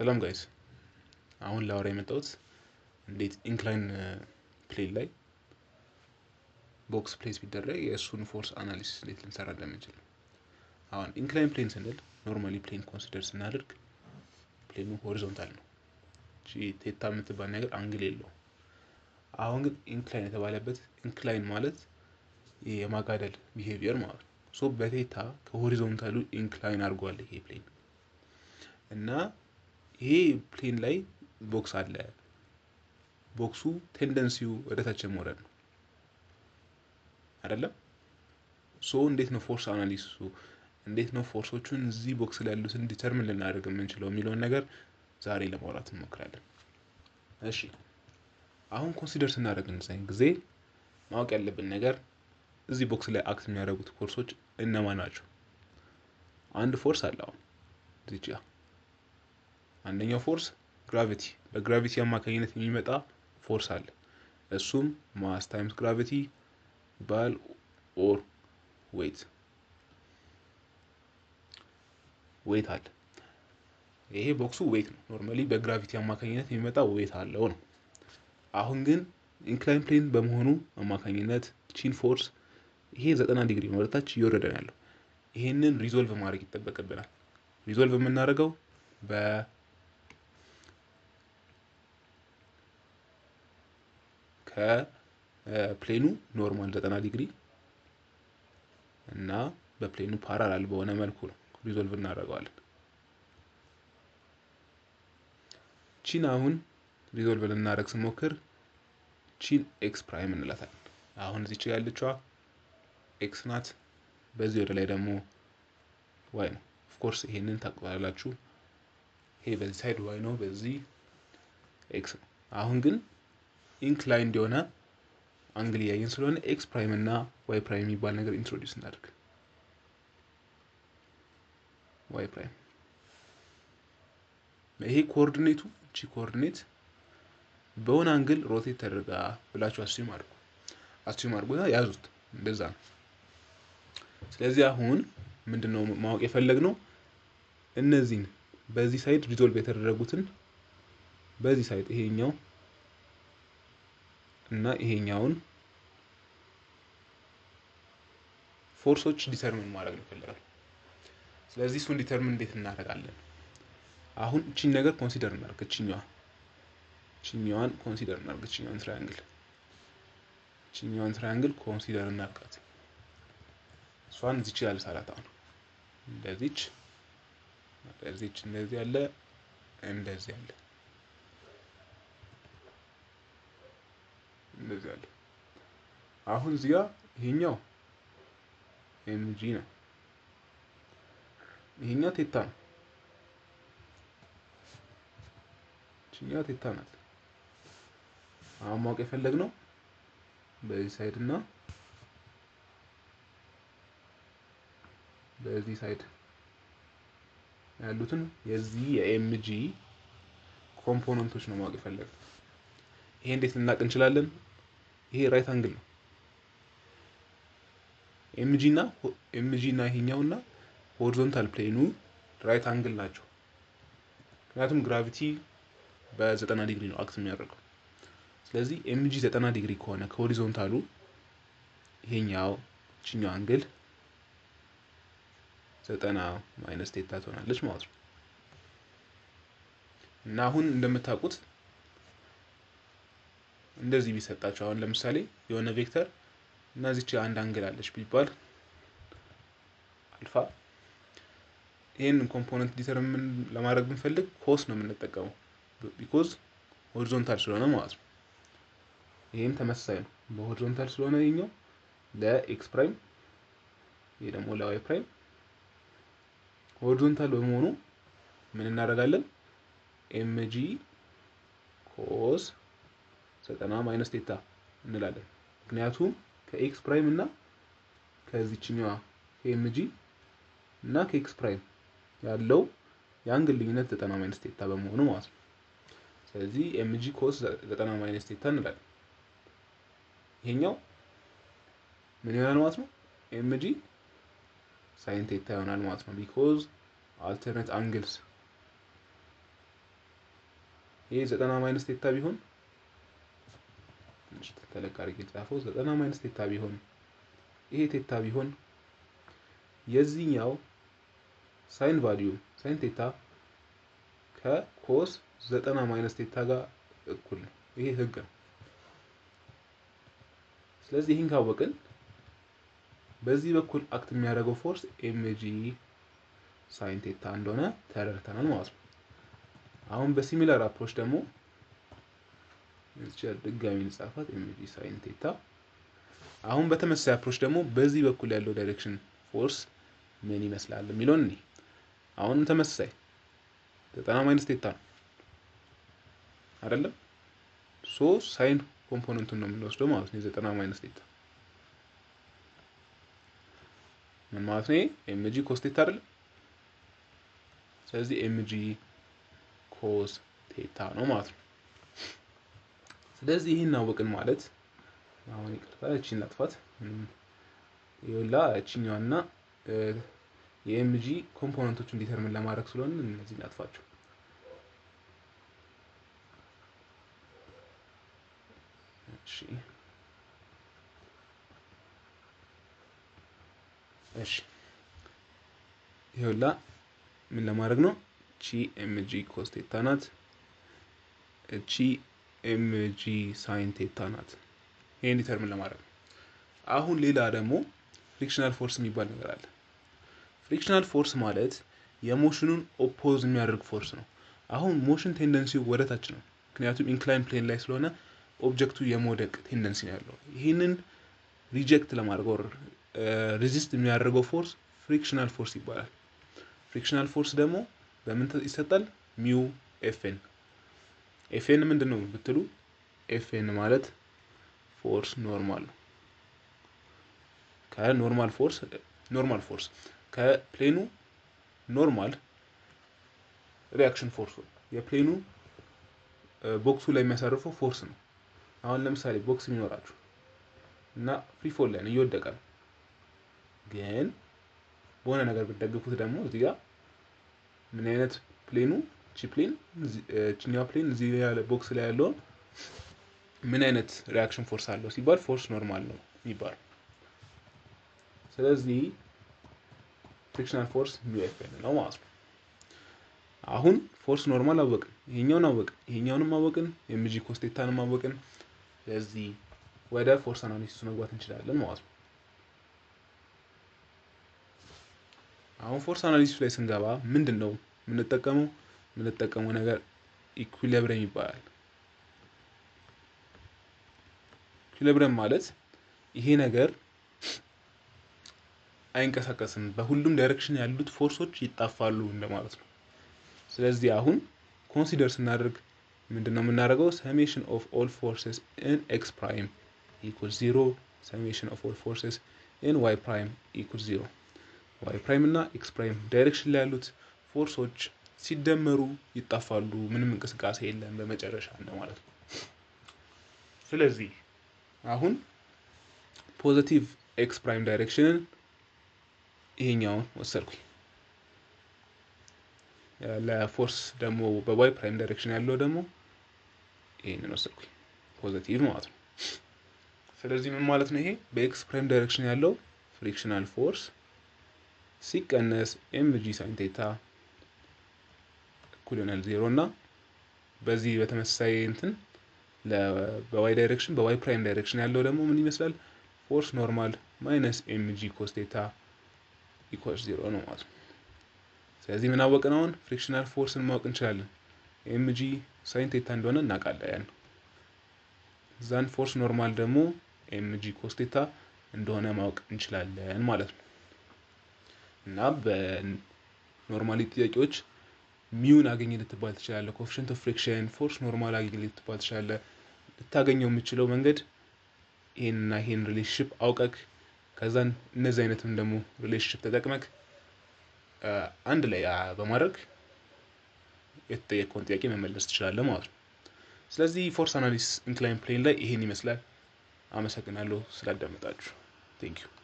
ሰላም ጋይስ አሁን ላወራ የመጣሁት እንዴት ኢንክላይን ፕሌን uh, ላይ ቦክስ ፕሌስ ቢደረግ የእሱን ፎርስ አናሊሲስ እንዴት ልንሰራ እንደምንችል አሁን ኢንክላይን ፕሌን ስንል ኖርማሊ ፕሌን ኮንሲደር ስናደርግ ፕሌኑ ሆሪዞንታል ነው ቴታ የምትባል ነገር አንግል የለው አሁን ግን ኢንክላይን የተባለበት ኢንክላይን ማለት የማጋደል ቢሄቪየር ማለት ነው ሶ በቴታ ከሆሪዞንታሉ ኢንክላይን አድርጓል ይሄ ፕሌን እና ይሄ ፕሌን ላይ ቦክስ አለ። ቦክሱ ቴንደንሲው ወደታች መውረድ ነው አይደለም? ሶ እንዴት ነው ፎርስ አናሊሲሱ እንዴት ነው ፎርሶቹን እዚህ ቦክስ ላይ ያሉትን ዲተርምን ልናደርግ የምንችለው የሚለውን ነገር ዛሬ ለማውራት እንሞክራለን። እሺ አሁን ኮንሲደር ስናደርግ እንዛኝ ጊዜ ማወቅ ያለብን ነገር እዚህ ቦክስ ላይ አክት የሚያደርጉት ፎርሶች እነማን ናቸው? አንድ ፎርስ አለ አሁን እዚህ አንደኛው ፎርስ ግራቪቲ በግራቪቲ አማካኝነት የሚመጣ ፎርስ አለ። እሱም ማስ ታይምስ ግራቪቲ ይባል ኦር ዌት ዌት አለ። ይሄ ቦክሱ ዌት ነው። ኖርማሊ በግራቪቲ አማካኝነት የሚመጣ ዌት አለው ነው። አሁን ግን ኢንክላይን ፕሌን በመሆኑ አማካኝነት ቺን ፎርስ ይሄ ዘጠና ዲግሪ ነው ወደታች እየወረደ ያለው። ይሄንን ሪዞልቭ ማድረግ ይጠበቅብናል። ሪዞልቭ የምናደርገው በ ከፕሌኑ ኖርማል 90 ዲግሪ እና በፕሌኑ ፓራላል በሆነ መልኩ ነው ሪዞልቭ እናደርገዋለን። ቺን አሁን ሪዞልቭ ልናደርግ ስንሞክር ቺን ኤክስ ፕራይም እንላታለን። አሁን እዚህ ጋር ያለችዋ ኤክስ ናት። በዚህ ወደ ላይ ደግሞ ዋይ ነው። ኦፍኮርስ ይሄንን ታውቃላችሁ። ይሄ በዚህ ሳይድ ዋይ ነው፣ በዚህ ኤክስ ነው። አሁን ግን ኢንክላይንድ የሆነ አንግል እያየን ስለሆነ ኤክስ ፕራይም እና ዋይ ፕራይም የሚባል ነገር ኢንትሮዲውስ እናደርግ። ዋይ ፕራይም ይሄ ኮኦርዲኔቱ እቺ ኮኦርዲኔት በሆነ አንግል ሮቴት ተደርጋ ብላችሁ አስዩም አድርጉ። አስዩም አድርጉ ያዙት፣ እንደዛ ነው። ስለዚህ አሁን ምንድን ነው ማወቅ የፈለግነው እነዚህን በዚህ ሳይድ ሪዞልቭ የተደረጉትን በዚህ ሳይድ ይሄኛው እና ይሄኛውን ፎርሶች ዲተርሚን ማድረግ እንፈልጋለን። ስለዚህ እሱን ዲተርሚን እንዴት እናደርጋለን? አሁን እቺን ነገር ኮንሲደር እናርግ። እችኛዋ እችኛዋን ኮንሲደር እናርግ። እችኛዋን ትራያንግል እችኛዋን ትራያንግል ኮንሲደር እናርጋት። እሷን እዚች ያለ ሳላት አሁን እንደዚች እንደዚች እንደዚህ ያለ እንደዚህ ያለ እንደዚህ አለ። አሁን እዚህ ጋር ይሄኛው ኤምጂ ነው። ይሄኛው ቴታ ነው። ይችኛው ቴታ ናት። አሁን ማወቅ የፈለግነው በዚህ ሳይድ እና በዚህ ሳይድ ያሉትን የዚህ የኤምጂ ኮምፖነንቶች ነው ማወቅ የፈለግነው። ይሄ እንዴት ልናውቅ እንችላለን? ይሄ ራይት አንግል ነው። ኤምጂ እና ኤምጂ እና ይሄኛው እና ሆሪዞንታል ፕሌኑ ራይት አንግል ናቸው። ምክንያቱም ግራቪቲ በዘጠና ዲግሪ ነው አክት የሚያደርገው። ስለዚህ ኤምጂ ዘጠና ዲግሪ ከሆነ ከሆሪዞንታሉ ይሄኛው እችኛው አንግል ዘጠና ማይነስ ቴታ ትሆናለች ማለት ነው። እና አሁን እንደምታውቁት እንደዚህ ቢሰጣቸው አሁን ለምሳሌ የሆነ ቬክተር እና አንድ አንግል አለች ቢባል አልፋ ይህን ኮምፖነንት ዲተርምን ለማድረግ ብንፈልግ ኮስ ነው የምንጠቀመው ቢኮዝ ሆሪዞንታል ስለሆነ ማለት ነው። ይህም ተመሳሳይ ነው። በሆሪዞንታል ስለሆነ ይኛው ለኤክስ ፕራይም ይህ ደግሞ ለዋይ ፕራይም ሆሪዞንታል በመሆኑ ምን እናደርጋለን? ኤምጂ ኮስ ዘጠና ማይነስ ቴታ እንላለን። ምክንያቱም ከኤክስ ፕራይም እና ከዚችኛዋ ከኤምጂ እና ከኤክስ ፕራይም ያለው የአንግል ልዩነት ዘጠና ማይነስ ቴታ በመሆኑ ማለት ነው። ስለዚህ ኤምጂ ኮስ ዘጠና ማይነስ ቴታ እንላለን። ይሄኛው ምን ይሆናል ማለት ነው? ኤምጂ ሳይን ቴታ ይሆናል ማለት ነው። ቢኮዝ አልተርኔት አንግልስ ይሄ ዘጠና ማይነስ ቴታ ቢሆን ትንሽ ተለቅ አድርጌ ጻፈው ዘጠና ማይነስ ቴታ ቢሆን ይሄ ቴታ ቢሆን የዚህኛው ሳይን ቫልዩ ሳይን ቴታ ከኮስ ዘጠና ማይነስ ቴታ ጋር እኩል ነው። ይሄ ህግ ነው። ስለዚህ ይህን ካወቅን በዚህ በኩል አክት የሚያደርገው ፎርስ ኤምጂ ሳይን ቴታ እንደሆነ ተረድተናል ማለት ነው። አሁን በሲሚላር አፕሮች ደግሞ ድጋሚ ልጻፋት ኤምጂ ሳይን ቴታ። አሁን በተመሳሳይ አፕሮች ደግሞ በዚህ በኩል ያለው ዳይሬክሽን ፎርስ ምን ይመስላል የሚለውን እኔ አሁንም ተመሳሳይ ዘጠና ማይነስ ቴታ ነው አይደለም። ሶ ሳይን ኮምፖነንቱን ነው የምንወስደው ማለት ነው። ዘጠና ማይነስ ቴታ ምን ማለት ነው? ኤምጂ ኮስ ቴታ አይደለም። ስለዚህ ኤምጂ ኮስ ቴታ ነው ማለት ነው። ስለዚህ ይህን አወቅን ማለት አሁን ይቅርታ እቺን ላጥፋት። ይኸውላ እቺኛዋና የኤምጂ ኮምፖነንቶቹን እንዲተርምን ለማድረግ ስለሆነ እነዚህ ላጥፋቸው። እሺ እሺ ይኸውላ ምን ለማድረግ ነው? ቺ ኤምጂ ኮስቴታ ናት። እቺ ኤምጂ ሳይን ቴታ ናት። ይህን ዲተርምን ለማድረግ ነው። አሁን ሌላ ደግሞ ፍሪክሽናል ፎርስ የሚባል ነገር አለ። ፍሪክሽናል ፎርስ ማለት የሞሽኑን ኦፖዝ የሚያደርግ ፎርስ ነው። አሁን ሞሽን ቴንደንሲው ወደታች ነው፣ ምክንያቱም ኢንክላይን ፕሌን ላይ ስለሆነ ኦብጀክቱ የመውደቅ ቴንደንሲ ነው ያለው። ይህንን ሪጀክት ለማድረግ ወር ሪዚስት የሚያደርገው ፎርስ ፍሪክሽናል ፎርስ ይባላል። ፍሪክሽናል ፎርስ ደግሞ በምን ይሰጣል? ሚው ኤፍን ኤፍኤን ምንድን ነው ብትሉ ኤፍኤን ማለት ፎርስ ኖርማል ከኖርማል ፎርስ ኖርማል ፎርስ ከፕሌኑ ኖርማል ሪያክሽን ፎርስ የፕሌኑ ቦክሱ ላይ የሚያሳርፈው ፎርስ ነው። አሁን ለምሳሌ ቦክስ የሚኖራችሁ እና ፍሪፎል ላይ ነው እየወደቀ ነው። ግን በሆነ ነገር ብትደግፉት ደግሞ እዚህ ምን አይነት ፕሌኑ እቺ ፕሌን እችኛዋ ፕሌን እዚህ ያለ ቦክስ ላይ ያለውን ምን አይነት ሪያክሽን ፎርስ አለው ሲባል ፎርስ ኖርማል ነው የሚባለው። ስለዚህ ፍሪክሽናል ፎርስ ሚው ኤፍ ኤል ነው ማለት ነው። አሁን ፎርስ ኖርማል አወቅን፣ ይሄኛውን አወቅን፣ ይሄኛውንም አወቅን፣ ኤምጂ ኮስቴታንም አወቅን። ስለዚህ ወደ ፎርስ አናሊሲስ መግባት እንችላለን ማለት ነው። አሁን ፎርስ አናሊሲስ ላይ ስንገባ ምንድን ነው የምንጠቀመው? የምንጠቀመው ነገር ኢኩሊብሪየም ይባላል። ኢኩሊብሪየም ማለት ይሄ ነገር አይንቀሳቀስም፣ በሁሉም ዳይሬክሽን ያሉት ፎርሶች ይጣፋሉ እንደማለት ነው። ስለዚህ አሁን ኮንሲደር ስናደርግ ምንድን ነው የምናደርገው? ሰሜሽን ኦፍ ኦል ፎርሰስ ኢን ኤክስ ፕራይም ኢኩል ዚሮ ሰሜሽን ኦፍ ኦል ፎርሰስ ኢን ዋይ ፕራይም ኢኩል ዚሮ ዋይ ፕራይም እና ኤክስ ፕራይም ዳይሬክሽን ላይ ያሉት ፎርሶች ሲደመሩ ይጣፋሉ። ምንም እንቅስቃሴ የለም በመጨረሻ ማለት ነው። ስለዚህ አሁን ፖዘቲቭ ኤክስ ፕራይም ዳይሬክሽንን ይሄኛውን ወሰድኩኝ። ለፎርስ ደግሞ በዋይ ፕራይም ዳይሬክሽን ያለው ደግሞ ይህንን ወሰድኩኝ ፖዘቲቭ ማለት ነው። ስለዚህ ምን ማለት ነው ይሄ በኤክስ ፕራይም ዳይሬክሽን ያለው ፍሪክሽናል ፎርስ ሲቀነስ ኤምጂ ሳይን ቴታ እኩል ይሆናል ዜሮ እና በዚህ በተመሳሳይ እንትን በዋይ ዳይሬክሽን በዋይ ፕራይም ዳይሬክሽን ያለው ደግሞ ምን ይመስላል? ፎርስ ኖርማል ማይነስ ኤምጂ ኮስ ቴታ ኢኳልስ ዜሮ ነው ማለት ነው። ስለዚህ ምን አወቅን? አሁን ፍሪክሽናል ፎርስን ማወቅ እንችላለን። ኤምጂ ሳይን ቴታ እንደሆነ እናውቃለን። ያን ዛን ፎርስ ኖርማል ደግሞ ኤምጂ ኮስ ቴታ እንደሆነ ማወቅ እንችላለን ማለት ነው እና በኖርማሊ ጥያቄዎች ሚውን አገኘ ልትባል ትችላለ። ኮፍሽንት ኦፍ ፍሪክሽን ፎርስ ኖርማል አገኘ ልትባል ትችላለ። ልታገኘው የምችለው መንገድ ይሄንና ይሄን ሪሌሽንሽፕ አውቀክ ከዛን እነዚህ አይነትም ደግሞ ሪሌሽንሽፕ ተጠቅመክ አንድ ላይ በማድረግ የተጠየቀውን ጥያቄ መመለስ ትችላለ ማለት ነው። ስለዚህ ፎርስ አናሊሲስ ኢንክላይን ፕሌን ላይ ይሄን ይመስላል። አመሰግናለሁ ስላዳመጣችሁ። ቴንኪዩ